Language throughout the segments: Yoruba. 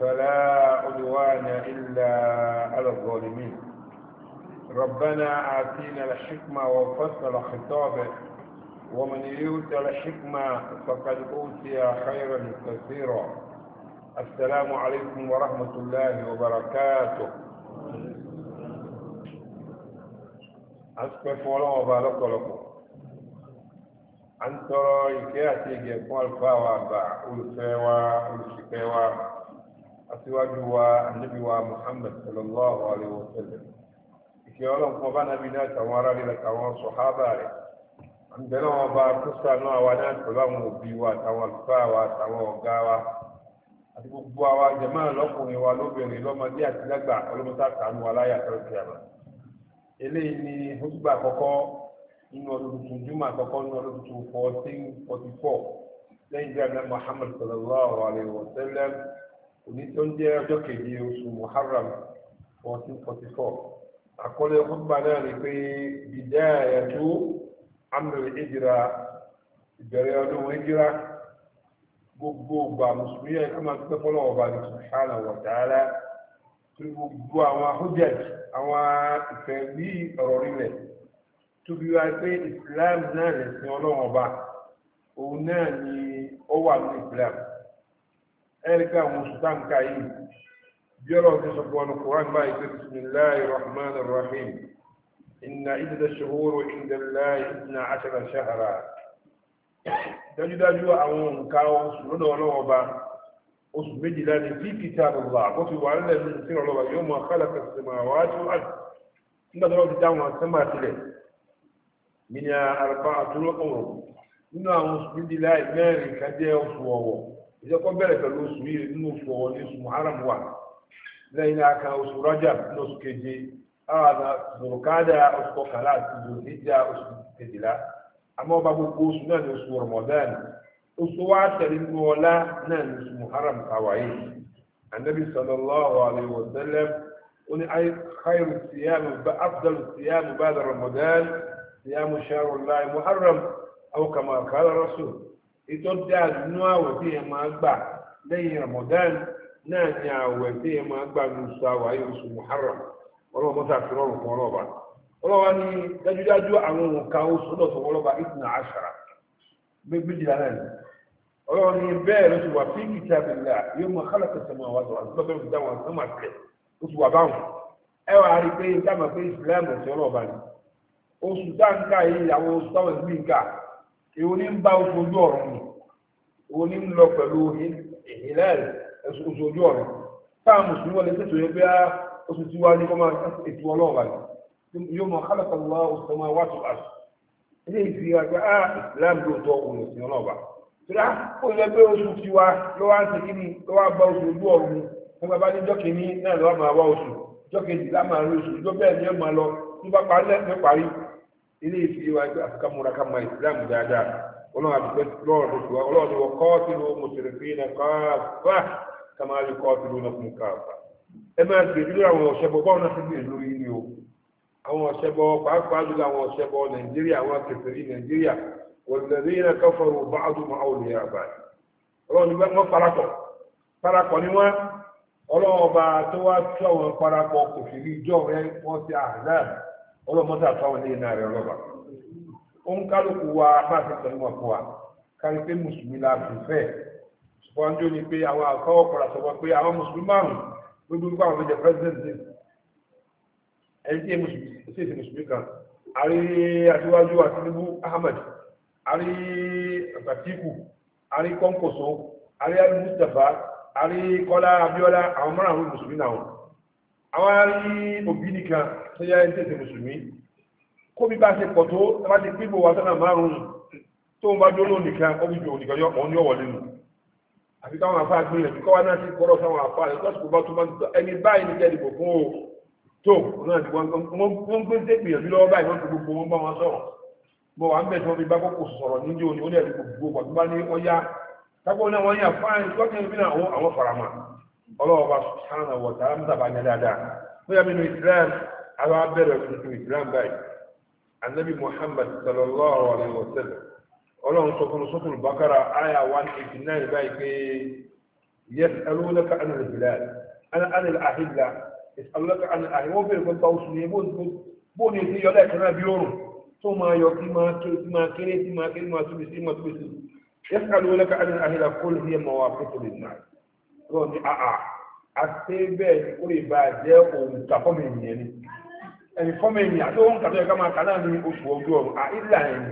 فلا عدوان إلا على الظالمين ربنا آتينا الحكمة وفصل الخطاب ومن يؤت الحكمة فقد أوتي خيرا كثيرا السلام عليكم ورحمة الله وبركاته أسكف ولا وبارك لكم أنترى إكياتي جيكم الفاوة بع ألفاوة ألفاوة àtiwájú wa ànábì wa Muhammad sallallahu alayhi wa sallam ìkẹ́ ọlọ́run fún ọba nàbí náà tàwọn ará rẹ̀ tàwọn sọ̀hábà rẹ̀ àǹbẹ̀rẹ̀ wọn bá kúsà náà wa náà pẹ̀lú àwọn òbí wa àtàwọn àlùfáà wa àtàwọn ọ̀gá wa àti gbogbo àwa jẹ̀mọ́ lọ́kùnrin wa lóbìnrin lọ́mọdé àti lágbà ọlọ́mọdé àtàwọn aláyà tọ́lọ́ ti àmà eléyìí ni húsùgbà àkọ́kọ́ nínú ọdún tuntun jùmọ̀ àkọ́kọ́ nínú ọdún tuntun fourteen forty four lẹ́yìn bí Muhammad sallallahu alayhi wa sallam òní tó ń jẹ́ ọjọ́ kejì oṣù muharram fourteen forty four àkọlé ọgbà náà ni pé bidayatu amúlẹ̀ ìjìra ìbẹ̀rẹ̀ ọdún ìjìra gbogbo ọgbà mùsùlùmí yẹn ká máa dúpẹ́ fọ́lọ́ ọba ní subhanahu wa ta'ala tó gbogbo àwọn ahójẹ́ àwọn ìfẹ́ bí ọ̀rọ̀ rí rẹ̀ tóbi wá pé islam náà lẹ̀sìn ọlọ́run ọba òun náà ni ó wà ní islam ẹ̀ríkà àwọn oṣù táǹkà yìí bí ọ̀rọ̀ ti sọ fún ọlọ́kùnrin báyìí pé bisimilahi rahman rahim inna idda shuhuru inda lahi inna ashara shahara dájúdájú àwọn nǹkan oṣù lọ́dọ̀ ọlọ́wọ́ bá oṣù méjìlá ní fi kitabullah kó fi wà nílẹ̀ nínú sí ọlọ́wọ́ yóò mọ khalaqa samawati wal ard nígbà tó lọ́wọ́ ti dáhùn àtẹ́mà sílẹ̀ nínú àrùbá àtúrọ̀ ọ̀rọ̀ nínú àwọn oṣù méjìlá ìmẹ́rin kájẹ́ oṣù ọ̀wọ̀ ìjọkọ́ bẹ̀rẹ̀ pẹ̀lú oṣù yìí nínú oṣù ọ̀wọ́ ní oṣù muharram wà lẹ́yìn aka oṣù rajà ní oṣù keje àwọn zòròkádà oṣù kọkànlá àti zòròkíjà oṣù kejìlá àmọ́ ọba gbogbo oṣù náà ní oṣù ramadan oṣù wa tẹ̀lé nínú ọlá náà ní oṣù muharram kàwáyé anabi sallallahu alayhi wa sallam ó ní ayé siyamu bá siyamu bá ramadan siyamu shahru allahi muharram aw kama rasul ètò dáa nínú àwẹ̀ tí yẹn máa gbà lẹ́yìn Ramadan náà ní àwẹ̀ tí yẹn máa gbà ní oṣù àwẹ̀ ayé oṣù Muharram ọlọ́wọ́ mọ́tà fi rọrùn fún ọlọ́ba ọlọ́wọ́ ni dájúdájú àwọn ọrụ oṣù ọrụ ọlọ́ba ìtìnà àṣàrà bẹ́ẹ̀ ló ti wà fí yóò mọ àwọn bẹ́ẹ̀ wà báwọn ẹ èwo ní ń bá oṣù ojú ọ̀run nù èwo ní ń lọ pẹ̀lú ìhìlẹ́ẹ̀lì ẹ̀sùn oṣù ojú ọ̀run táà mùsùlùmí wọlé tètè yẹ pé oṣù tí wàá ní kọ́ máa ètò ọlọ́run wà yóò mọ kálọ̀kọ̀lọ́ oṣù máa wá tó àṣù ilé ìfi àgbà á ìsìlámù lóòótọ́ òun ìsìn ọlọ́ọ̀bà tura ó ilé ìfi wa gbé àfikà múra ká mọ ìsìlámù dáadáa ọlọ́run àdúgbò lọ́rọ̀ tó wọ kọ́ọ̀tì àwọn ọ̀ṣẹ́bọ pàápàá lórí àwọn nàìjíríà àwọn akẹfẹ̀rí nàìjíríà wọ̀lẹ̀rí bá àwọn olùyà àbáyé ọlọ́run ọlọ́mọdé àtàwọn ilé náà rẹ̀ rọ́bà ó ń kálukú wa bá ti pẹ̀lú wọn fún wa kárí pé mùsùlùmí la fi fẹ́ ṣùgbọ́n jó ni pé àwọn àkọ́wọ́ kọ̀ọ̀rọ̀ sọ̀rọ̀ pé àwọn mùsùlùmí márùn-ún gbogbo nípa àwọn méjì president ní ẹni tí èsì èsì mùsùlùmí kan àrí aṣíwájú àtinúbú Ahmed àrí àtàtíkù àrí kọ́ńkòsó àrí àrí Mustapha àrí Kọ́lá Abíọ́lá àwọn márùn-ún mùsùlùmí náà àwọn àrí òbí nìkan tó yá ẹni tètè mùsùlùmí kó bí bá ṣe pọ̀ tó bá ti pín bò wá sọ́nà márùn-ún tó ń bá dúró nìkan ó bí ju òun nìkan yọ òun wọlé nù àfi káwọn afá náà ti kọ́rọ̀ sáwọn afá rẹ̀ bá tó máa ẹni báyìí ní kẹ́dìbò fún o tó náà ti wọ́n gbé dé gbìyànjú lọ́wọ́ báyìí wọ́n fi gbogbo wọn bá wọn sọ̀rọ̀ bọ́ ń bẹ̀ tí wọ́n fi bá àwa bẹ̀rẹ̀ tuntun islam báyìí anabi muhammad sallallahu alayhi wa sallam ọlọ́run sọ fún sọ́kùn bakara aya one eighty nine báyìí pé yẹs alúlọ́kà àná ìbílẹ̀ àná àhìlá alúlọ́kà àná àhìlá wọ́n bẹ̀rẹ̀ pẹ̀lú báwùsùn ní bóun ní ti yọ lẹ́ẹ̀kan náà bí oòrùn tó máa yọ kí máa kéré tí máa kéré máa tóbi sí máa tóbi sí yẹs alúlọ́kà àná àhìlá kó lè yẹ mọ́wá fún tóbi náà lọ́ọ̀ ẹni fọ́mọ ènìyàn tó ń kàtọ́ ẹ̀ká máa kàlá ní oṣù ọjọ́ ọ̀rọ̀ àìlà ẹ̀yìn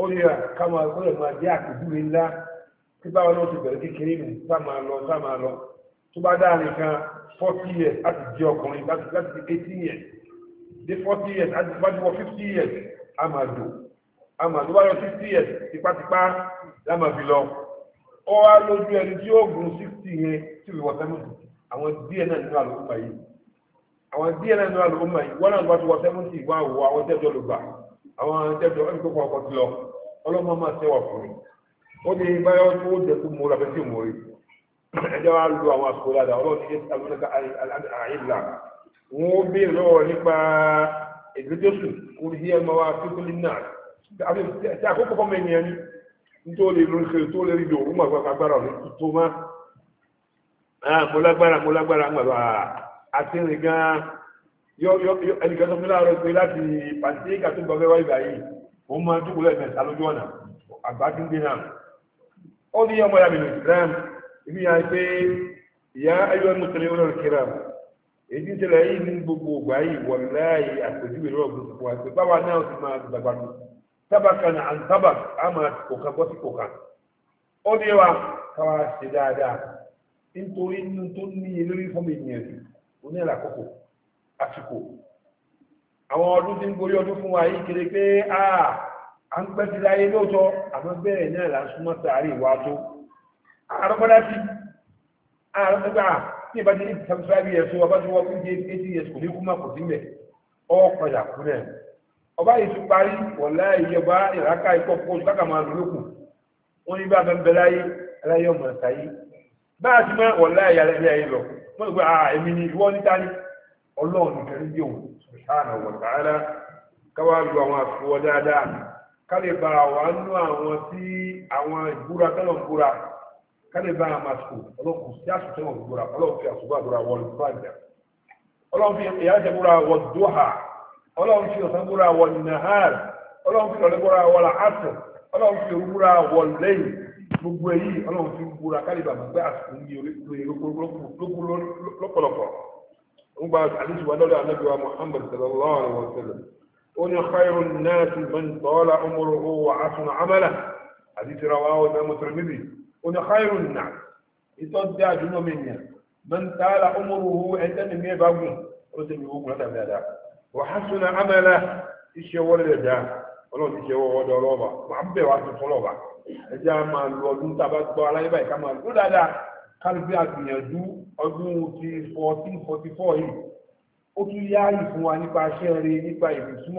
ó ní ká máa gbọ́dọ̀ máa jẹ́ àpèjúwe ńlá tí báwa náà ti bẹ̀rẹ̀ kékeré nù sá máa lọ sá máa lọ tó bá dáa nìkan forty years láti jẹ́ ọkùnrin láti láti eighteen years dé forty years láti bá ti wọ fifty years a máa dò a máa tó bá lọ sixty years tipátipá la máa fi lọ ó wá lójú ẹni tí ó gùn sixty yẹn tí ò àwọn díẹ̀ náà ní wà lóko mọ̀ ìwọ náà gbà tó wọ sẹ́mùtì ìwọ àwọ àwọn jẹ́jọ́ ló gbà àwọn jẹ́jọ́ ẹni tó kọ́ ọkọ̀ ti lọ ọlọ́mọ máa ṣẹ́wà fún mi ó ní báyọ̀ tó ó jẹ́ kó mú ọlọ́fẹ́ tí ò mú rí ẹjọ́ wa lu àwọn àsìkò dáadáa ọlọ́run ti ṣe àlùkà àìlà wọn ó béèrè lọ́wọ́ nípa ìgbẹ́jọ́sù kó ní ẹmọ wa tó tó lé náà tí àkókò fọmọ ènìyàn ní nítorí lórí ṣe tó lè rí ìdòwò mọ̀ agbára ọ̀rẹ́ tó má ah, mo lágbára mo lágbára mọ̀ lọ́wọ́ ah àti rìn gan ẹnìkan tó fi láàárọ̀ pé láti pàṣẹ ìkà tó gbọ́ fẹ́wọ́ ìgbà yìí ó máa dúkú lẹ́ẹ̀mẹ́ta lójú ọ̀nà àgbà tí ń dé náà ó ní ọmọ ìyá mi lè rẹ́m ibi yà pé ìyá ayọ́ mùsùlùmí ó lọ́rọ̀ kíra èyí ń ṣẹlẹ̀ yìí ní gbogbo ìgbà yìí wọ̀ láàyè àpèjúwe lọ́rọ̀ gbogbo àti báwa náà wa káwa ṣe dáadáa nítorí inú tó oníra àkókò àsìkò àwọn ọdún tí ń gorí ọdún fún wa yìí kiri pé àà à ń pẹ́ sí láyé lóòótọ́ àmọ́ bẹ́ẹ̀ náà là ń súnmọ́ sàárì wa tó àrọ́pọ́dá sí àrọ́pọ́dá tí ìbá ti ní seventy five years tó ọba tí wọ́n fi dé eighty years kò ní kú má kò sí mẹ́ ọ padà kú náà ọba yìí ti parí wọ̀lá ìjọba ìràká ikọ̀ pọ̀ oṣù káàkà máa lò lókù wọ́n ní bá bẹ́ẹ̀ bẹ́ẹ̀ láyé aláyọ̀ báyà ti mọ́ ọ̀lá ìyàlẹ́ ilé ayé lọ wọ́n ti pé àà ah, èmi ni ìwọ níta ní ọlọ́run nìkan ní òun sùhánà wọ̀tàálá káwá lu àwọn àfiwọ́ dáadáa ká lè ba àwọn nú àwọn tí àwọn ìbúra tọ́lọ̀ ń búra ká lè ba àwọn àsìkò ọlọ́kù sí àsìkò tọ́lọ̀ ń búra ọlọ́run fi àsìkò àbúra wọ ọlọ́run fi ìyá ìjẹ́ búra wọ dóhà ọlọ́run fi ọ̀sán búra wọ nàhàr ọlọ́run fi ọ̀lẹ́búra wọ làásù ọlọ́run gbogbo èyí ọlọ́run fi ń búra kárí bàbá pé àsìkò ń yí lọ́pọ̀lọpọ̀ ń gba àdéhùn wa lọ́dọ̀ anábìwá Muhammad sallallahu alaihi wa sallam ó ní khairun nasi man tọ́lá ọmọrò ó wà á sùn amala àdéhùn ra wa ó ó ní khairun nasi ìtọ́ dé àdúgbò mi nìyà man tọ́lá ọmọrò ó ni mi gùn ó sì mi wó gùn wà á sùn amala iṣẹ́ wọlé dáadáa ọlọ́run ti ṣe ọwọ́ ọdọ ọlọ́ọ̀bà wà á bẹ̀ wá tuntun ọlọ́ọ̀bà ẹ a máa lo ọdún tá a bá gbọ́ aláyé báyìí ká máa lo dáadáa kálífẹ́ àgbìyànjú ọdún ti fourteen forty four yìí ó tún yáàyè fún wa nípa aṣẹ́ rẹ nípa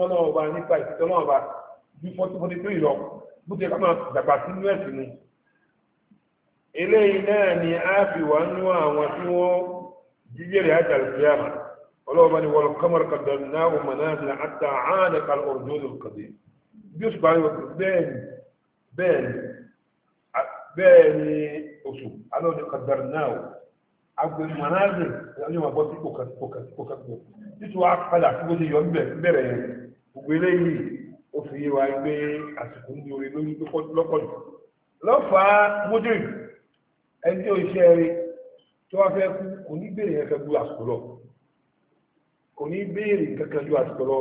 náà ọba nípa ìfìtọ́ náà ọba ju forty three bí oṣù parí ọkọ̀ bẹ́ẹ̀ni bẹ́ẹ̀ni bẹ́ẹ̀ni oṣù alọ́ni kàdàrí náà o agbẹ̀rù manazir ní ọmọ bọ́ sí kòkàtìkòkàtìkò títí wàá padà tí wọ́n ti yọ bẹ̀rẹ̀ yẹn gbogbo eléyìí ó fi yé wa gbé àsìkò ń lórí lórí lọ́pọ̀jù lọ́fàá mọ́dìrì ẹni tí ó ń ṣe eré tó wá fẹ́ kú kò ní béèrè yẹn fẹ́ gbú àsìkò lọ kò ní béèrè kankan ju àsìkò lọ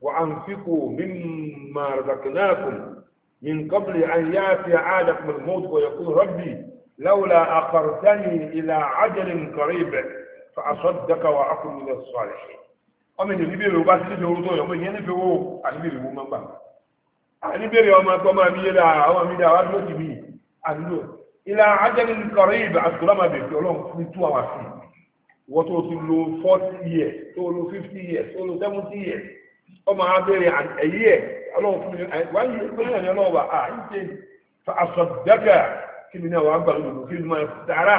وأنفقوا مما رزقناكم من قبل أن يأتي عادكم الموت ويقول ربي لولا أخرتني إلى عجل قريب فأصدق وأكون من الصالحين ọmọ ènìyàn níbèrè ọba sí níbi orúkọ ọmọ ènìyàn níbi owó àníbèrè owó máa ń bà àníbèrè ọmọ ẹgbẹ́ ọmọ mi yẹlẹ àwọn mi dáa wájú lókè mi àdúró ilà ajẹni kọrọ ìbà àti kọlọmọ àbẹ̀bẹ̀ ọlọ́run fún tú àwọn àfihàn tó ti lo forty years tó lo fifty years tó lo seventy years ọmọ abẹ́rẹ́ ẹ̀yí ẹ̀ ọlọ́run fún mi wọ́n yí ìpínlẹ̀ ní ọlọ́run bá a yí ṣe fa àsọ̀dáka kí mi náà wà á gbà lódodo kí mi máa tààrà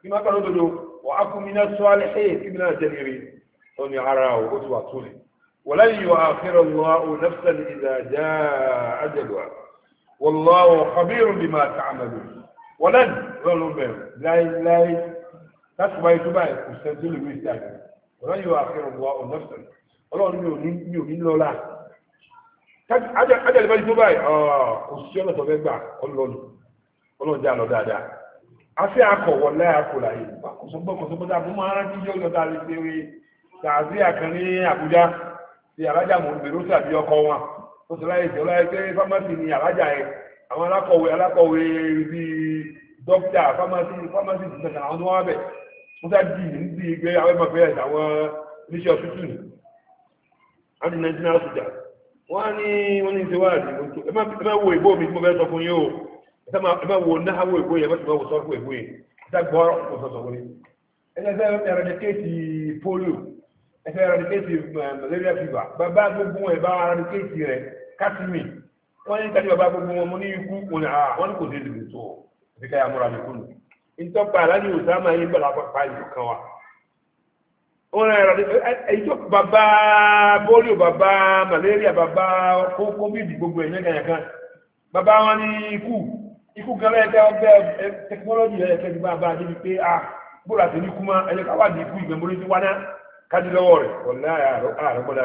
kí mi máa gbà lódodo wà á kú mi náà sọ alẹ́ ẹ̀ kí mi náà jẹ́ nìyẹn ó ní ara o ó ti wà tó lè wọ́lá yìí wà á fẹ́rẹ̀ wọ́n ó nẹ́fẹ̀sẹ̀ ní ìdájá àjẹlùwà wọ́lá ọ̀ kọ́bírùn bí máa ta àmàlù wọ́lá yìí wọ́n ó ọlọ́run mi ò ní lọ́la ajẹ́ ìbájú tó báyìí kò sí ọ̀nà tó fẹ́ gbà ọlọ́run ọlọ́run jẹ́ àlọ́ dáadáa afẹ́ akọ̀wọ̀ láyàkó láyé kòsọ́gbọ́kòsọ́gbọ́dá fún máa rántí yọ lọ́dà lè ṣe wé tààzí àkànní àbújá ti alájà mò ń gbèrò tàbí ọkọ wọn ó sì láyé ìjọba ẹgbẹ́ fámásì ni alájà yẹn àwọn alákọ̀wé alákọ̀wé bíi dókítà fámásì fámásì ti sẹ̀nà àwọn tó wá bẹ̀ wọ́n sá dì ní ti gbé àwọn ẹgbẹ́ àwọn oníṣẹ́ ọ̀tútù nìyí àti nàìjíríà sójà wọ́n á ní wọ́n ní ìṣèwádìí ẹ má wo ìbò mi tí mo fẹ́ sọ fún yín o ẹ má wo náhàwó ìbò yẹn ẹ má sì má wo sọ́kù ìbò yẹn ẹ gbọ́ ọ̀rọ̀ sọ̀sọ̀ wọlé ẹgbẹ́ ẹrẹ́dẹ́kẹ́tì polio ẹgbẹ́ ẹrẹ́dẹ́kẹ́tì um, malaria fever bàbá gbogbo ẹ̀ bá ẹrẹ́dẹ́kẹ́tì rẹ̀ kásìmì wọ́n ní kájú bàbá gbogbo wọn mo ní ikú òní à ah, wọ́n ní kò dé ìdìbò tó ọ̀ ẹ̀fíkà yà múra mi kúlù ìtọ́pẹ́ aláàjì òsàmà yín bẹ̀rẹ̀ apá ìlú kan wa ọ̀rọ̀ ẹ̀rọ ẹ̀yíjọ́ bàbá bólíò bàbá malaria bàbá kókóbìdì gbogbo ẹ̀yẹ́ kẹyàkan bàbá wọn ní ikú ikú gan lẹ́ẹ̀kẹ́ ọgbẹ́ tẹkinọ́lọ́jì ẹ̀ẹ́kẹ́ ti bá bá débi pé a ah, bóra ti ní kú mọ́ ẹ̀yẹ́ ká wà ní ikú ìgbẹ́ mórí ti wá náà kájí lọ́wọ́ rẹ̀ ọ̀lá àrọ́gbọ́dá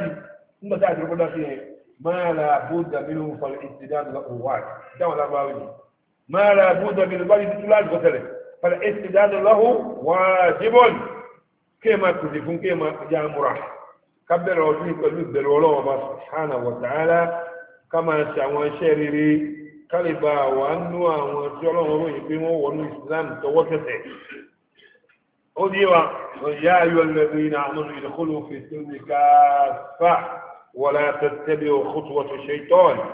sí nígbà tá àrọ́gbọ́dá sí yẹn máa la bóda nínú fọlẹ́ ìtìdá fàlẹ̀ èsì dáadọ́ lọ́hùn wájibọ́n kí ẹ máa pèsè fún kí ẹ máa yá múra ká bẹ̀rẹ̀ ọdún yìí pẹ̀lú ìbẹ̀rù ọlọ́wọ́n bá sàánà wọ̀tàálá ká máa ṣe àwọn iṣẹ́ rere ká lè ba àwọn anú àwọn tí ọlọ́wọ́n ròyìn pé wọ́n wọnú Islam tọwọ́ tẹ̀tẹ̀ ó ní wa yá ayọ̀ lẹ́nu iná àmọ́nù ìdókòlò fèsì ní káfà wọ́n láti tẹ́tẹ́bí òkútu wọ́n ti ṣe tọ́ọ̀nì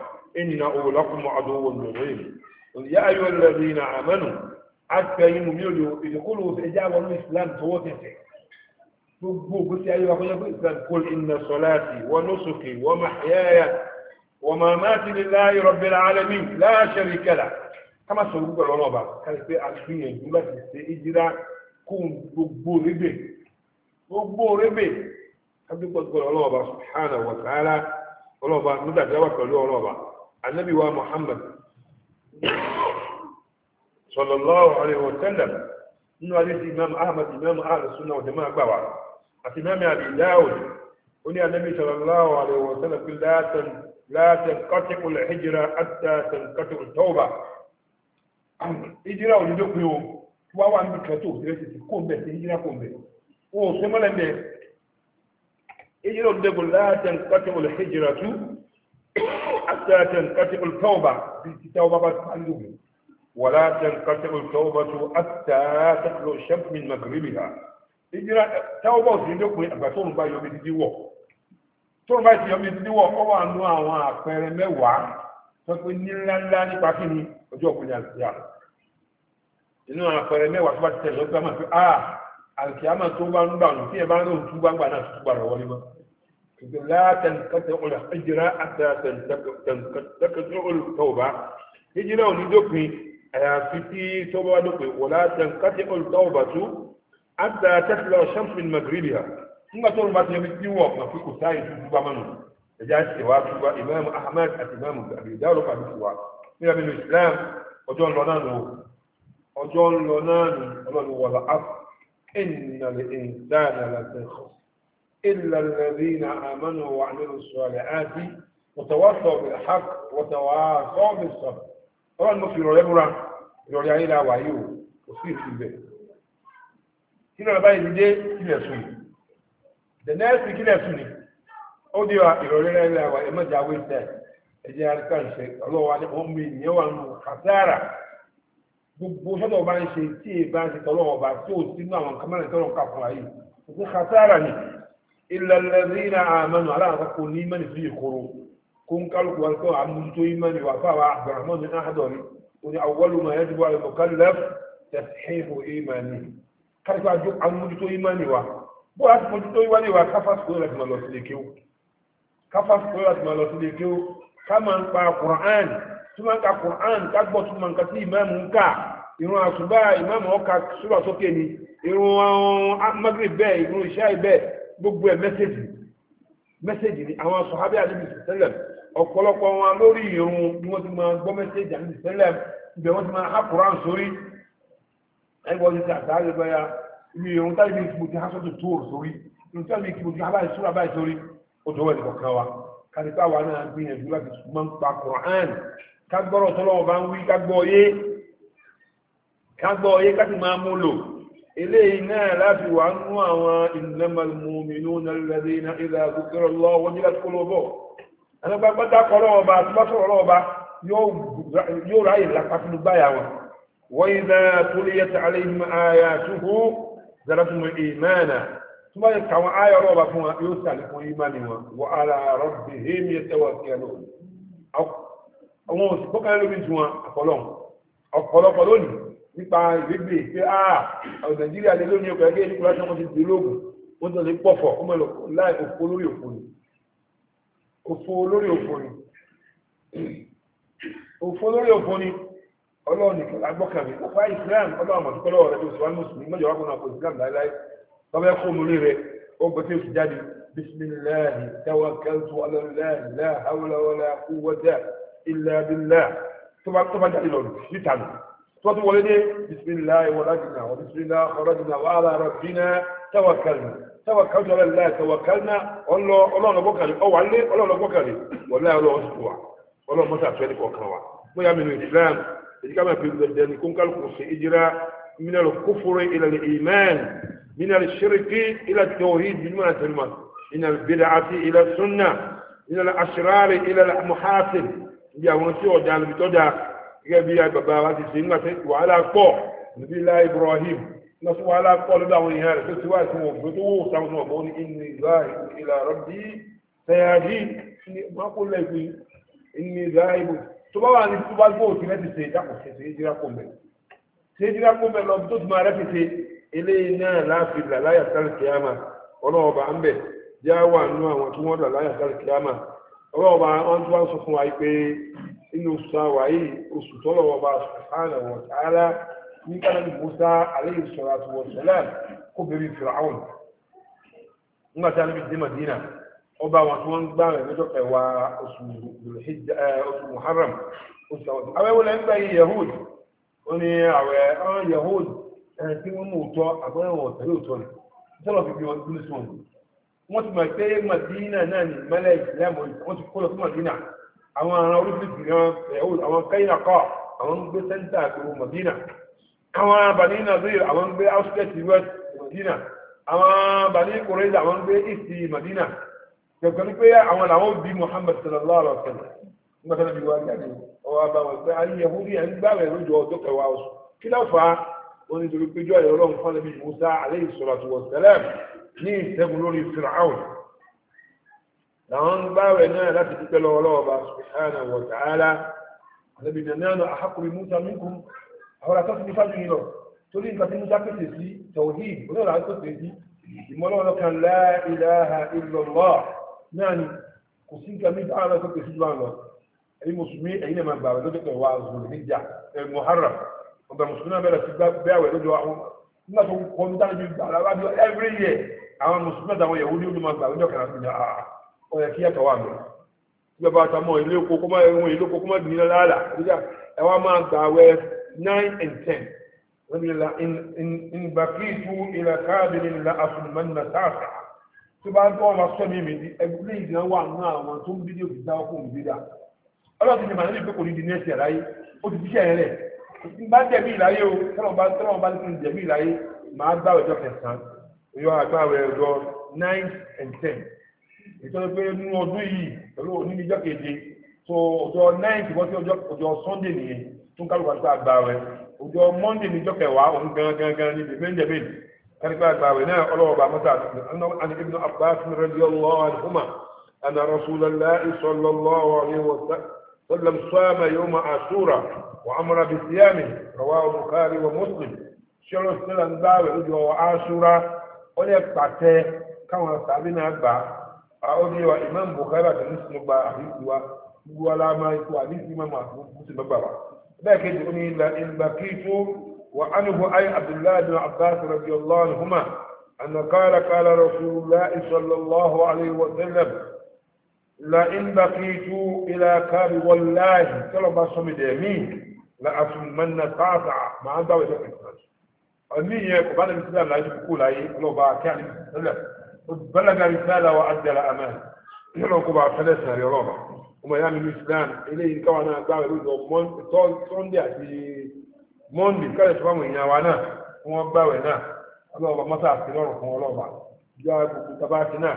إنه لكم عدو مبين يا أيها الذين آمنوا àtẹ̀yìn mú mi ò lè ìdíkúrò ẹjá wọnú islam tó wọ́n tẹ̀sẹ̀ gbogbo ògbésí ayé wa kọjá pé islam kò inna salati wa nusuki wa mahyaya wa mamati lillahi rabbil alamin la sharika lah ká má sọ gbogbo ọ̀rọ̀ ọba kárí pé àgbìyànjú láti ṣe ìjírá kún gbogbo rébè gbogbo rébè kábíkọ̀ gbogbo ọ̀rọ̀ ọba subhanahu wa ta'ala ọlọ́ọ̀ba nígbà tí wọ́n wà pẹ̀lú ọlọ́ọ̀ba anabi wa muhammad sallallahu alaihi wa sallam nínú àdìsí imam ahmed imam ahmed sunna wa jama'a gbà wá àti imam abi dawud ó ní anabi sallallahu alaihi wa sallam pé láti kọ́tí kulẹ̀ hijira àti kọ́tí kulẹ̀ tọ́ba hijira òní dókun o wá wà níbi kan tó òṣèré títí kó mbẹ sí hijira kó mbẹ o ò sẹ́mọ́lẹ̀ mbẹ hijira òní dókun láti kọ́tí kulẹ̀ hijira tú àti kọ́tí kulẹ̀ tọ́ba bí títà ọba bá tó ولا تنقطع التوبة حتى تخلو الشمس من مغربها ìjìnlẹ̀ tẹ́wọ́bọ̀ sí ilé òkùnrin àgbà tó ń bá yọmi dídí wọ̀ tó ń bá ti yọmi dídí wọ̀ ọ wà nú àwọn àpẹẹrẹ mẹ́wàá tó pé ní ńláńlá nípa kí ni ọjọ́ òkùnrin àgbà inú àwọn àpẹẹrẹ mẹ́wàá tó bá ti tẹ̀lé ọgbà máa fi a àlùkìyàmà tó bá ń gbà nù tí ẹ bá ń lò tú gbangba náà tó gbàrà wọlé mọ́ ìjìnlẹ̀ tẹ̀ǹkẹ́tẹ̀ ọ̀là ìjìnlẹ̀ àyàfi tí tó bá dópe wọlá tẹnkátí olùtọ́wọ̀bàtú àtà tẹ́tìlọ shamsin magribiya nígbà tó ń bá tẹ́lẹ̀ tí wọ́n kàn fi kò sáyé tó dúpá mọ́nu ẹ̀já ṣe wá túbá ìmáàmù ahmad àti ìmáàmù àbí ìdáwọ̀lọ́ pàdé sí wa nígbà nínú islam ọjọ́ ń lọ náà nù ọjọ́ ń lọ náà nù ọlọ́run wọlá af ìnàlẹ̀ ìdáàlẹ̀ àlàtẹ̀kọ̀ إلا الذين آمنوا وعملوا الصالحات وتواصوا بالحق وتواصوا بالصبر ọlọ́run mo fi ìrọ̀lẹ́ múra ìrọ̀lẹ́ ayé la wà yìí o kò sí ìfì bẹ̀ kí lọ́la báyìí ní dé kílẹ̀ sùn ni the next thing kílẹ̀ sùn ni ó di ìrọ̀lẹ́ ayé la wà ẹ̀ mọ̀jà wí tẹ̀ ẹ̀jẹ̀ àríkà ìṣe ọlọ́wà ni wọ́n mú ìyẹn wà nù kàtàrà gbogbo sọ́dọ̀ bá ń ṣe tí ì bá ń ṣe tọ́lọ́ ọba tí ò sínú àwọn kámẹ́rà tọ́lọ́ kó ń kálukú wa kó àmójútó ìmánì wà fáwọn Abdurrahman bin Ahdari ó ní awwalu ma yajibu ala al-mukallaf tasihihu ìmánì kálukú àjọ àmójútó ìmánì wa bó a ti mójútó ìmánì wa káfà sùkúrò láti máa lọ sílé kéwò káfà sùkúrò láti máa lọ sílé kéwò ká máa ń pa Qur'an tí wọ́n ń ka Qur'an ká gbọ́ tí wọ́n ń ọ̀pọ̀lọpọ̀ wọn lórí ìrun bí wọ́n ti máa gbọ́ mẹ́sẹ̀jì àti wọ́n ti máa há kúrán sórí ẹgbẹ́ ọdún ti ndị gbẹ́yà ibi ìrun táyé bí ìfipò ti há sọ́tò tó òrò sórí ìrun táyé bí ìfipò ti há báyìí sórí sórí ó tó kọ̀ọ̀kan wa káti pé àwa náà gbìyànjú láti pa kùrán ẹlẹ́gbẹ́gbẹ́dá kọ́ lọ́wọ́ bá tó bá sọ̀rọ̀ lọ́wọ́ bá yóò ráyè lápapinu gbáyà wọn wọ́n yìí náà tó lè yẹta alẹ́ ìmọ̀ àyà túhú zaratum ìmánà tó bá yẹ káwọn àyà lọ́wọ́ bá fún wọn yóò sàlẹ̀ fún ìmánì wọn wọ́n ala rabbihim yatawakkalun àwọn òsìkọ́kànlẹ́ lómi ju wọn ọ̀pọ̀lọpọ̀ òfò olórí òfò ni òfò olórí òfò ni ọlọ́run nìkan agbọ́kànmí ọ̀pá islam ọlọ́run àmọ̀dúkọ́ lọ́wọ́ rẹ̀ tó sì wá mùsùlùmí mọ́jọ́ wá fún àpò islam láíláí bàbá ẹ̀kọ́ mi rẹ̀ ó gbọ́ tí ó sì jáde bisimilahi tawakkaltu ala llahi tawakkaltu ala Allah tawakkalna ọlọ́run ọgbọ́kàrí ọwà lé ọlọ́run ọgbọ́kàrí wọlé ọlọ́run sùkú wa ọlọ́run mọ́tà fẹ́ ní kọ̀ọ̀kan wa bóyá mi ní islam èyí ká máa fi gbẹdẹ ní kónkálù kò sí ìjìrá minal kufuri ila al-iman minal shirki ila tawhid bímọ àtẹnumọ minal bid'ati ila sunna minal ashrari ila muhasin bí àwọn lọ sí wàhálà pọ̀ lọ́dọ̀ àwọn èèyàn rẹ̀ tó ti wá ìsìn wọn gbé tó wò sáwọn ọmọ ní inú ìgbà ìlà rọ̀bí tẹ̀yàrí ní mọ́kúnlẹ̀ ìpín inú ìgbà ìbò tó bá wà ní tó bá gbọ́ òtí rẹ̀ ṣe ìjápọ̀ ṣe ṣe ìjírá tó wá sọ fún wa pé inú sáwà yìí oṣù tọ́lọ́wọ́ bá sùn ní kánàbí musa alayhi salatu wa salam kó bẹ̀rẹ̀ fìràwọn nígbà tí madina ọba wọn tí wọ́n ń gbá rẹ̀ lọ́jọ́ kẹwàá muharram oṣù àwọn awẹ́wọ́lẹ̀ ń gbá yahud ó ní yahud tí wọ́n ni madina yahud àwọn Bani Nazir àwọn gbé outskirts west Medina àwọn Bani Qurayza àwọn gbé east Medina kẹ̀kọ́ ní pé àwọn làwọn bí Muhammad sallallahu alaihi wa sallam nígbà tó nàbí wàá jáde ọwọ́ àbáwọn pé ayé Yahudi à ń gbàwẹ̀ lójú ọjọ́ kẹwàá oṣù kí ló fà á wọn nítorí pé jọ ẹ̀rọ ń fọ́n lẹ́bi Musa aleyhi salatu náà láti dúpẹ́ lọ́wọ́ bá subhanahu wa ta'ala àlẹ́bìnrin náà àhàkùnrin Musa minkum àwọn àtọ́sí ní fájú yìí lọ torí nǹkan tí musa pèsè sí tawhid onílà ń pèsè sí ìmọ̀lọ́wọ́ kan la ilaha illallah náà ni kò sí nǹkan méjì àwọn àtọ́sí pèsè jù àwọn lọ ẹ̀yin mùsùlùmí ẹ̀yin náà máa gbàwẹ̀ lọ́jọ́ kẹwàá zùlù níjà eh, ẹ̀ muharram ọ̀gá mùsùlùmí náà bẹ̀rẹ̀ sí gbàwẹ̀ lọ́jọ́ àwọn nígbà tó kọ́ ní dájú gbàrà wájú every year àwọn mùsùlùmí àtàwọn yẹ̀wò ní olùmọ̀ gbàwẹ̀ lọ́jọ́ kẹwàá zùlù níjà ọ̀yẹ̀ kíyàtọ̀ wà mí gbẹ̀bà àtàmọ́ ilé okòó kọ́mọ́ ilé okòó kọ́mọ́ nine and ten wọ́n ní la ìgbàkíìtú ilẹ̀ káàbìnrin la àfùnmọ́ni na sáàfà tó bá ń tọ́ ọmọ sọ mi mìí ẹgbẹ́ ìgbà wà ní àwọn tó ń bídí òkúta ọkọ̀ òmìnira ọlọ́tí ni màá ní ìpé kò ní di nẹ́ẹ̀sì àráyé ó ti tíṣẹ́ rẹ̀ bá jẹ̀bi ìláyé o tọ́lọ̀ bá tọ́lọ̀ bá ti jẹ̀bi ìláyé màá gbá ọjọ́ nine and ten ìtọ́jú pé nínú ọdún yìí pẹ̀lú oníníjọ́ so ọjọ́ ninth wọ́n ti ọjọ́ sunday nìyẹn tó ń àti àgbà rẹ̀ ọjọ́ monday níjọ́ kẹwàá òun gan gan gan níbi benjamin kálukú àgbà rẹ̀ náà ọlọ́wọ́ bá mọ́tà àti ibi náà àgbà fún rẹ̀dí ọlọ́wọ́ àdìfúnmà àná rasulallá ìsọlọlọ́wọ́ ní wọ́n sọ́ọ̀mà yóò máa àṣúra wà á múra bìí síyàmì rọwà bukari wa muslim ṣọlọ sílẹ̀ ń gbà rẹ̀ ọjọ́ àṣúra ó lè pàtẹ káwọn sàbí gbà á ó ní wa imam bukari àti muslim gba àbí tiwa gbogbo aláma ikú àdìsí máa máa fún kùsùn bá bàbá bẹ́ẹ̀ kejì ó ní ìgbà kí tó wà á nìhu ayé abdullahi bin abbas radiyallahu anhuma anna qala qala rasulullah sallallahu alayhi wa sallam la in baqitu ila kabi wallahi tọ́lọ̀ bá sọmi dẹ̀ mí la asùnmọ́nà tààtà máa dáwọ̀ ìjọ kẹsàn-án ọ̀ní yẹn kò bá nàbí sílẹ̀ láyé kúkú láyé ọlọ́ba kí àdìsí sílẹ̀ ó bẹ́lẹ̀ bá fẹ́lẹ̀ sàrí ọlọ́ba ọmọ ìyá mi ní Sudan eléyìí káwa náà gbá ìlú ìjọ Sunday àti Monday kálẹ̀ tó fáwọn èèyàn wa náà fún wọn gbáwẹ̀ náà ọlọ́ọ̀bà mọ́tà àti lọ́rùn fún ọlọ́ọ̀bà ìjọ agbègbè tàbá ti náà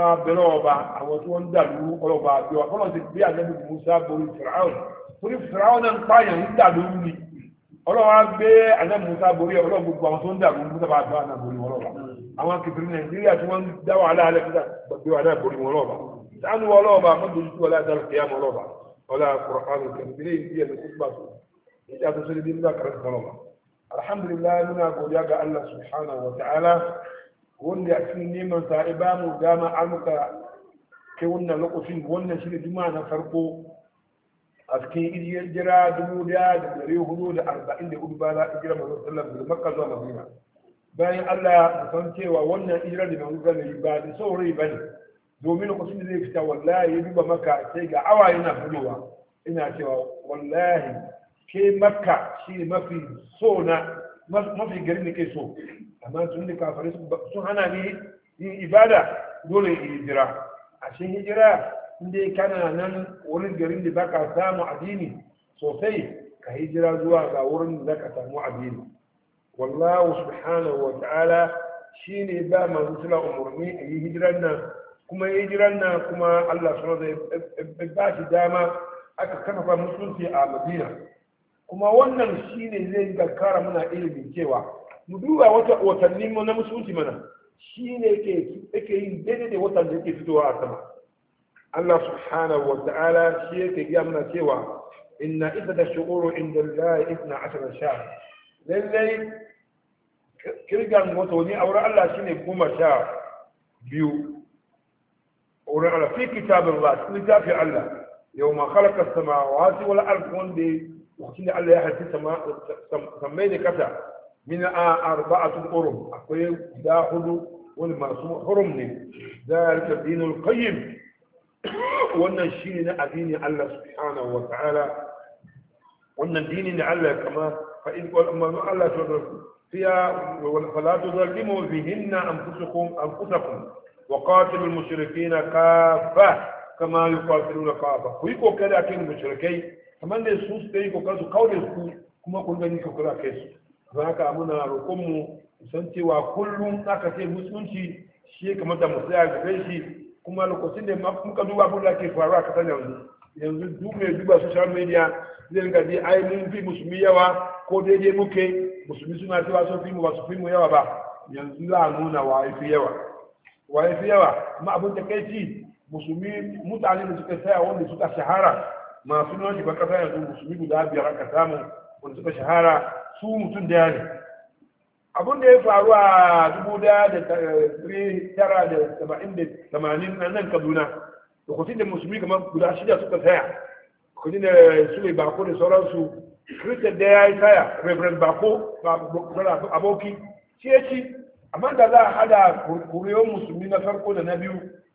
abẹ́rẹ́ ọba àwọn tí wọ́n ń dàlú ọlọ́ọ̀bà àbí wa fọlọ́n ti gbé àjẹ́bù Musa borí Firaun torí Firaun náà ń pààyàn ń dàlú ni ọlọ́wà gbé àjẹ́bù Musa borí ọlọ́ọ̀bà gbogbo àwọn tó ń dàlú Musa bá gbá náà borí wọn lọ́ọ̀bà àwọn kìfìrí Nàìjíríà tí wọ́n ń dá wàhálà alẹ́ لأن ولا ما عمد ولا دار القيام ولا با. ولا القرآن الكريم هي الأسباب إذا تصل بنا كرد خلوما الحمد لله من أقول يا الله سبحانه وتعالى قل لي أكثر نيما سائبا مدام عمك كونا لقفين قلنا شري دمانا فرقو أذكي إذ يجرى دمودا دمريو هدود أربعين دي قدبالا إجرى مرسلة بالمكة ومدينة باين الله فانتي ووانا إجرى دمانا يبادي سوري بني domin ku sun zai fita wallahi ya duba maka sai ga awa yana fadowa ina cewa wallahi ke makka shi ne mafi so na mafi gari ne ke so amma sun da kafare sun hana ni yin ibada dole in hijira a cikin hijira inda ya kana nan wurin garin da baka samu addini sosai ka hijira zuwa ga wurin da zaka samu addini wallahu subhanahu wa ta'ala shine ba manzo sala umurni yi hijiran nan kuma ya jiran nan kuma Allah su da ya ba shi dama aka kafafa musulunci a madina kuma wannan shine zai ga kara muna ilimin cewa mu duba wata watanni na musulunci mana shine ne yake yin daidai da watan da yake fitowa a sama Allah subhanahu wa ta'ala shi yake gaya mana cewa inna idda da shu'uru inda Allah ibna ashara sha lallai kirgan wata wani auren Allah shine goma sha biyu ورغلا في كتاب الله كل في الله يوم خلق السماوات والارض وندي وخشني الله يحل في السماء سمين كتا من أربعة حرم أقول داخل والمعصوم حرمني ذلك الدين القيم ونشين أدين الله سبحانه وتعالى وان الدين لعله كما فان قل اما الله فيها فلا تظلموا بهن انفسكم انفسكم وقاتل المشركين كافة كما يقاتلون كافة كويكو كذا كين المشركين كمان دي سوس تي كو كازو كاو دي سكو كما كون غني كو كذا كيس فهكا منا ركمو سنتي وكلهم أكثر مسلمين shi kamar da ya gabe shi kuma lokacin da muka duba abin da ke faruwa a kasar yanzu yanzu duk mai duba social media zai rinka ji ai mun fi musulmi yawa ko daidai muke musulmi suna cewa sun fi mu ba su fi mu yawa ba yanzu za a nuna fi yawa waye fi yawa kuma abin da kai ci musulmi mutane da suka saya wanda suka shahara masu yi ba kasa yanzu musulmi guda biyar aka samu wanda suka shahara su mutum da ne Abun da ya faru a dubu daya da tara da saba'in da tamanin na nan kaduna lokacin da musulmi kamar guda shida suka saya lokacin da su mai bako da sauransu kristan da ya yi saya reverend bako aboki shi ya ci amma da za a hada kuriyar musulmi na farko da na biyu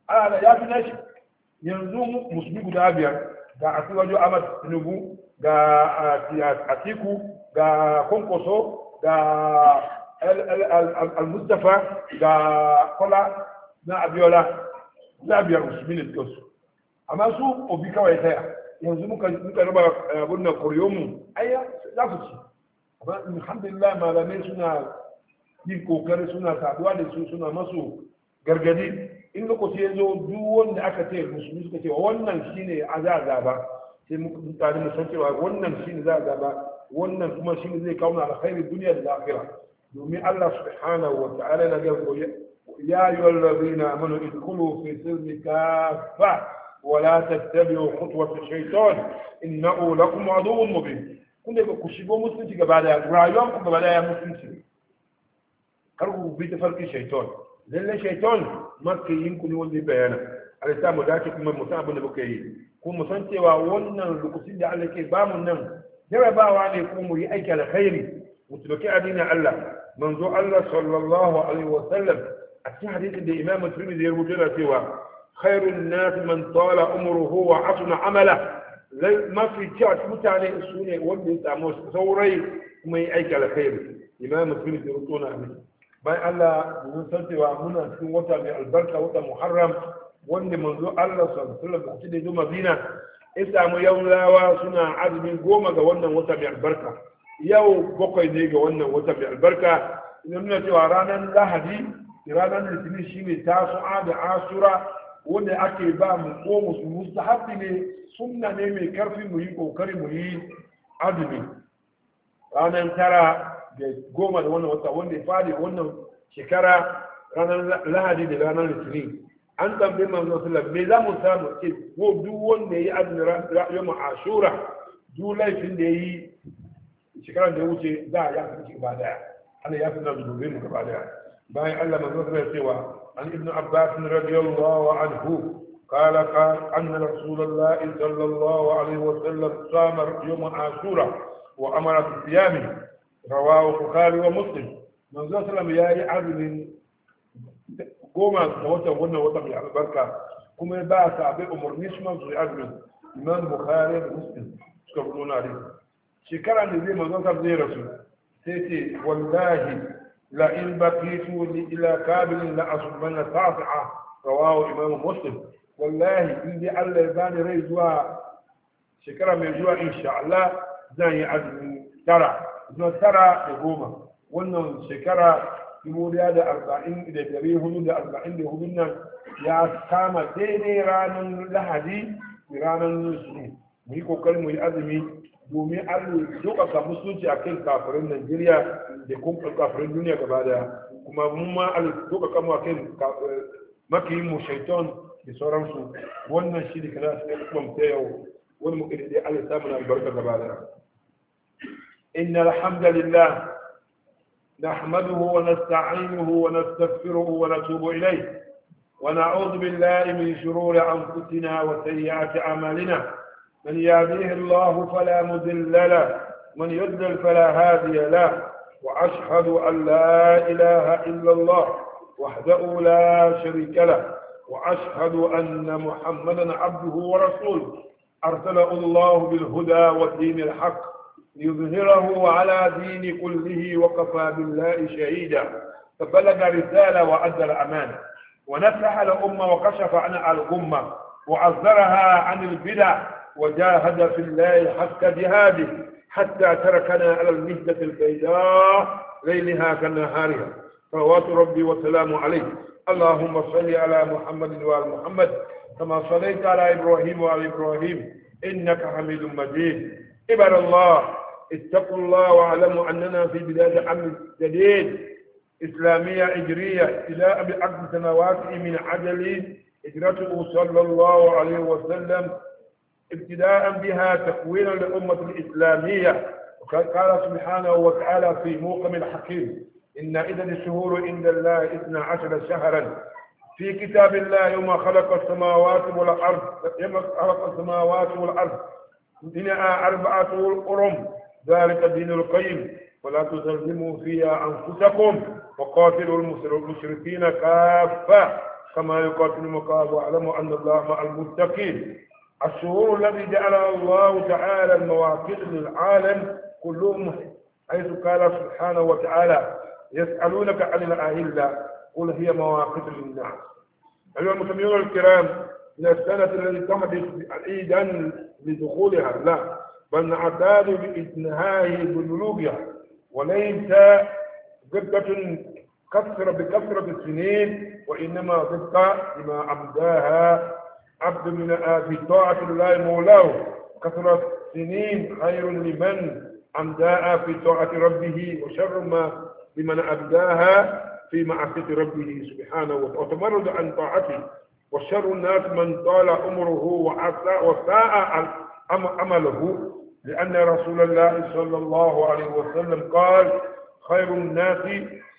ana da ya fi nashi yanzu musulmi guda biyar ga asiwaju ahmad tinubu ga atiku ga konkoso ga al-mustafa ga kola na abiola za biyar musulmi ne suka su amma su obi kawai taya yanzu muka raba abin da kuriyomu aya za su ci amma alhamdulillah malamai suna yin kokari suna saduwa da su suna masu gargadi in lokaci ya zo duk wanda aka ce musulmi suka ce wannan shine a za a zaba sai mutane mu san cewa wannan shine za a zaba wannan kuma shine zai kawo na alkhairi duniya da lafiya domin Allah subhanahu wa ta'ala na ga ko ya ayyuhal ladina amanu idkhulu fi silmi kaffa wa la tattabi'u khutuwati shaytan innahu lakum aduwwun mubin kun da ku shigo musulunci gaba da rayuwar ku gaba da musulunci kar ku bi tafarkin shaitan lalle shaitan marka yin ku ne wanda bayana Allah ta mu dace kuma mu san abin da muka yi ko mu san cewa wannan lokacin da Allah ke ba mu nan jarabawa ne ko mu yi aiki alkhairi mu tuki addinin Allah manzo Allah sallallahu alaihi wa sallam a cikin hadisin da Imam Tirmidhi ya rubuta cewa khairun nas man tala umruhu wa asna amala mafi kyau mutane su ne wanda ya samu saurai kuma yi aiki alkhairi Imam Tirmidhi ya rubuta bayan Allah mun san cewa muna cikin wata mai albarka wata Muharram wanda manzo Allah sallallahu alaihi wasallam da zo Madina ya samu yaulawa suna azumin goma ga wannan wata mai albarka yau bakwai ne ga wannan wata mai albarka idan nuna cewa ranar Lahadi ranar Litinin shine tasu'a da Asura wanda ake ba mu ko musu mustahabi ne sunna ne mai karfi mu yi kokari mu yi azumi ranar tara da goma da wannan wata wanda ya fadi wannan shekara ranar lahadi da ranar litinin an tambayi manzo sallam me za mu samu ce ko duk wanda ya yi azumin yawon ashura duk laifin da ya yi shekarar da ya wuce za a yafi cikin ba daya ana yafi na zunubin mu gaba daya bayan allah manzo sallam cewa an ibnu abbas radiyallahu anhu قال قال أن رسول الله صلى الله عليه وسلم صام يوم عاشوراء وأمر بصيامه رواه البخاري ومسلم من زوج سلم يا عبد من كوما دوتا ونا وتا يا بركا كوما با صاحب امور نشما زوي عبد من بخاري ومسلم شكرونا لي شكرا لي من زوج عبد الرسول سيتي والله لئن بقيت الى كابل لاصبن صافعه رواه الامام مسلم والله اني على زان ريزوا شكرا من جوا ان شاء الله زاني عبد ترى zuwa tara da goma wannan shekara dubu da arba'in da dari hudu da arba'in da hudu nan ya kama daidai ranar lahadi da ranar su mu yi kokarin mu yi azumi domin an samu suci a kan kafirin najeriya da kuma kafirin duniya gaba daya kuma mun ma an dokaka kama a kan makiyin mu shaiton da sauransu wannan shi da kana sai kuma mu ta yau wani mu da dai Allah samu albarka gaba daya إن الحمد لله نحمده ونستعينه ونستغفره ونتوب إليه ونعوذ بالله من شرور أنفسنا وسيئات أعمالنا من يهديه الله فلا مذل له من يضلل فلا هادي له وأشهد أن لا إله إلا الله وحده لا شريك له وأشهد أن محمدا عبده ورسوله أرسله الله بالهدى ودين الحق ليظهره على دين كله وقف بالله شهيدا فبلغ رسالة وأدى الأمانة ونفح الأمة وكشف عن الأمة وعذرها عن البدع وجاهد في الله حتى جهاده حتى تركنا على المهدة البيضاء ليلها كنهارها صلوات ربي والسلام عليه اللهم صل على محمد وعلى محمد كما صليت على إبراهيم وعلى إبراهيم إنك حميد مجيد عباد الله اتقوا الله واعلموا أننا في بلاد عمل جديد إسلامية إجرية ابتلاء بعقد سنوات من عجل هجرته صلى الله عليه وسلم ابتداء بها تكوينا للأمة الإسلامية وقد قال سبحانه وتعالى في موقم الحكيم إن إذا الشهور عند الله اثنا عشر شهرا في كتاب الله يوم خلق السماوات والأرض يوم خلق السماوات والأرض منها أربعة القرم ذلك دين القيم ولا تزلزموا فيها أنفسكم وقاتلوا المشركين كافة كما يقاتل كافة واعلموا أن الله مع المتقين الشهور الذي جعلها الله تعالى المواقيت للعالم كلهم حيث قال سبحانه وتعالى يسألونك عن الأهلة قل هي مواقيت للناس أيها المسلمون الكرام من السنة التي تحدث عيدا لدخولها لا بل عداد بإنهاء بلوغها وليس ضبة كثرة بكثرة السنين وإنما ضبة لما أبداها عبد من في طاعة الله مولاه كثرة سنين خير لمن أمداء في طاعة ربه وشر ما لمن أبداها في معصية ربه سبحانه وتعالى وتمرد عن طاعته وشر الناس من طال عمره وساء عمله لأن رسول الله صلى الله عليه وسلم قال خير الناس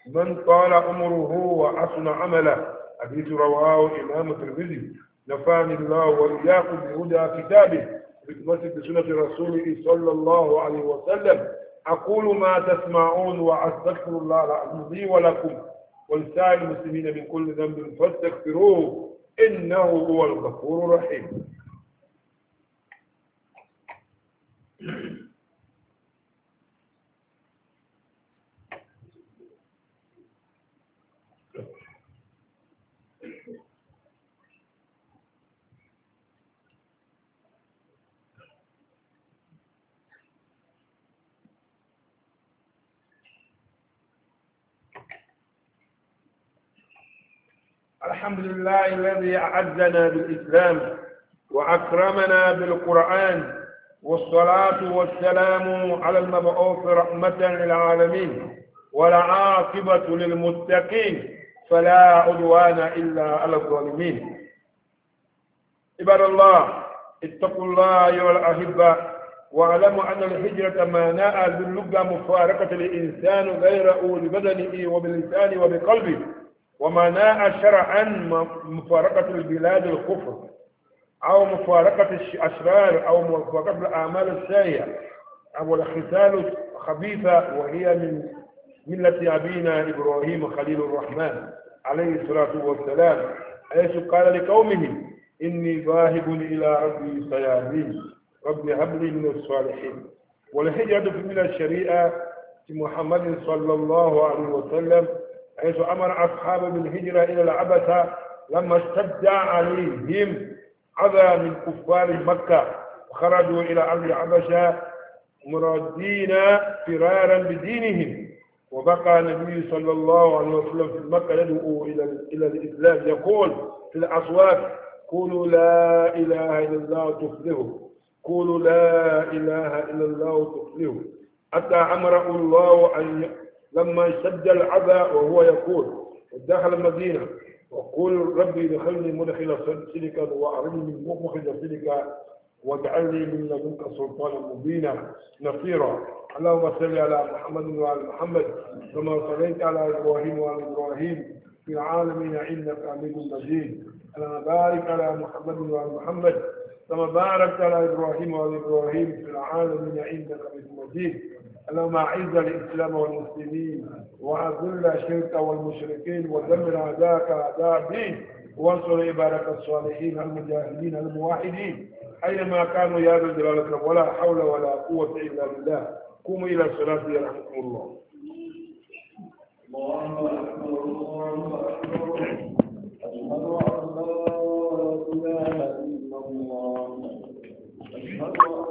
من طال عمره وحسن عمله حديث رواه الإمام الترمذي نفاني الله وإياكم بهدى كتابه بمسجد بسنة رسوله صلى الله عليه وسلم أقول ما تسمعون وأستغفر الله العظيم لي ولكم ولسائر المسلمين من كل ذنب فاستغفروه إنه هو الغفور الرحيم الحمد لله الذي أعزنا بالإسلام وأكرمنا بالقرآن والصلاة والسلام على المبعوث رحمة للعالمين والعاقبة للمتقين فلا عدوان إلا على الظالمين عباد الله اتقوا الله أيها الأحبة واعلموا أن الهجرة ما ناء باللقى مفارقة الإنسان غيره بدنه وبلسانه وبقلبه وما ناء شرعا مفارقة البلاد الكفر أو مفارقة الأشرار أو مفارقة الأعمال السيئة أو الختال الخبيثة وهي من ملة أبينا إبراهيم خليل الرحمن عليه الصلاة والسلام حيث قال لقومه إني ذاهب إلى ربي سيهدين رب هب لي من الصالحين والهجرة من الشريعة محمد صلى الله عليه وسلم حيث أمر أصحابه بالهجرة إلى العبثة لما استبدع عليهم أذى من كفار مكة وخرجوا إلى أرض عبشة مرادين فرارا بدينهم وبقى النبي صلى الله عليه وسلم في مكة يدعو إلى إلى الإسلام يقول في الأصوات قولوا لا إله إلا الله تفلحوا قولوا لا إله إلا الله تفلحوا حتى أمر الله أن لما شد العذى وهو يقول دخل المدينة وقول ربي دخلني مدخل سلكا وأعرضني من مخرج سلكا واجعلني من لدنك سلطانا مبينا نصيرا اللهم صل على محمد وعلى محمد كما صليت على ابراهيم وعلى ابراهيم في العالمين انك حميد مجيد اللهم بارك على محمد وعلى محمد كما باركت على ابراهيم وعلى ابراهيم في العالمين انك حميد مجيد اللهم اعز الاسلام والمسلمين واذل الشرك والمشركين ودمر اعداءك اعداء الدين وانصر عبادك الصالحين المجاهدين الموحدين اينما كانوا يا ذا الجلال ولا حول ولا قوه الا بالله قوموا الى الصلاه يرحمكم الله الله اكبر الله اكبر اشهد ان لا اله الا الله اشهد ان